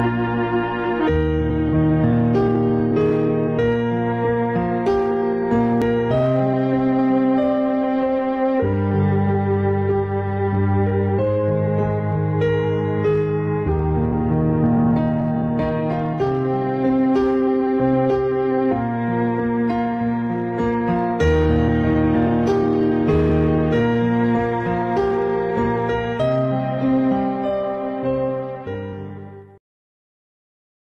you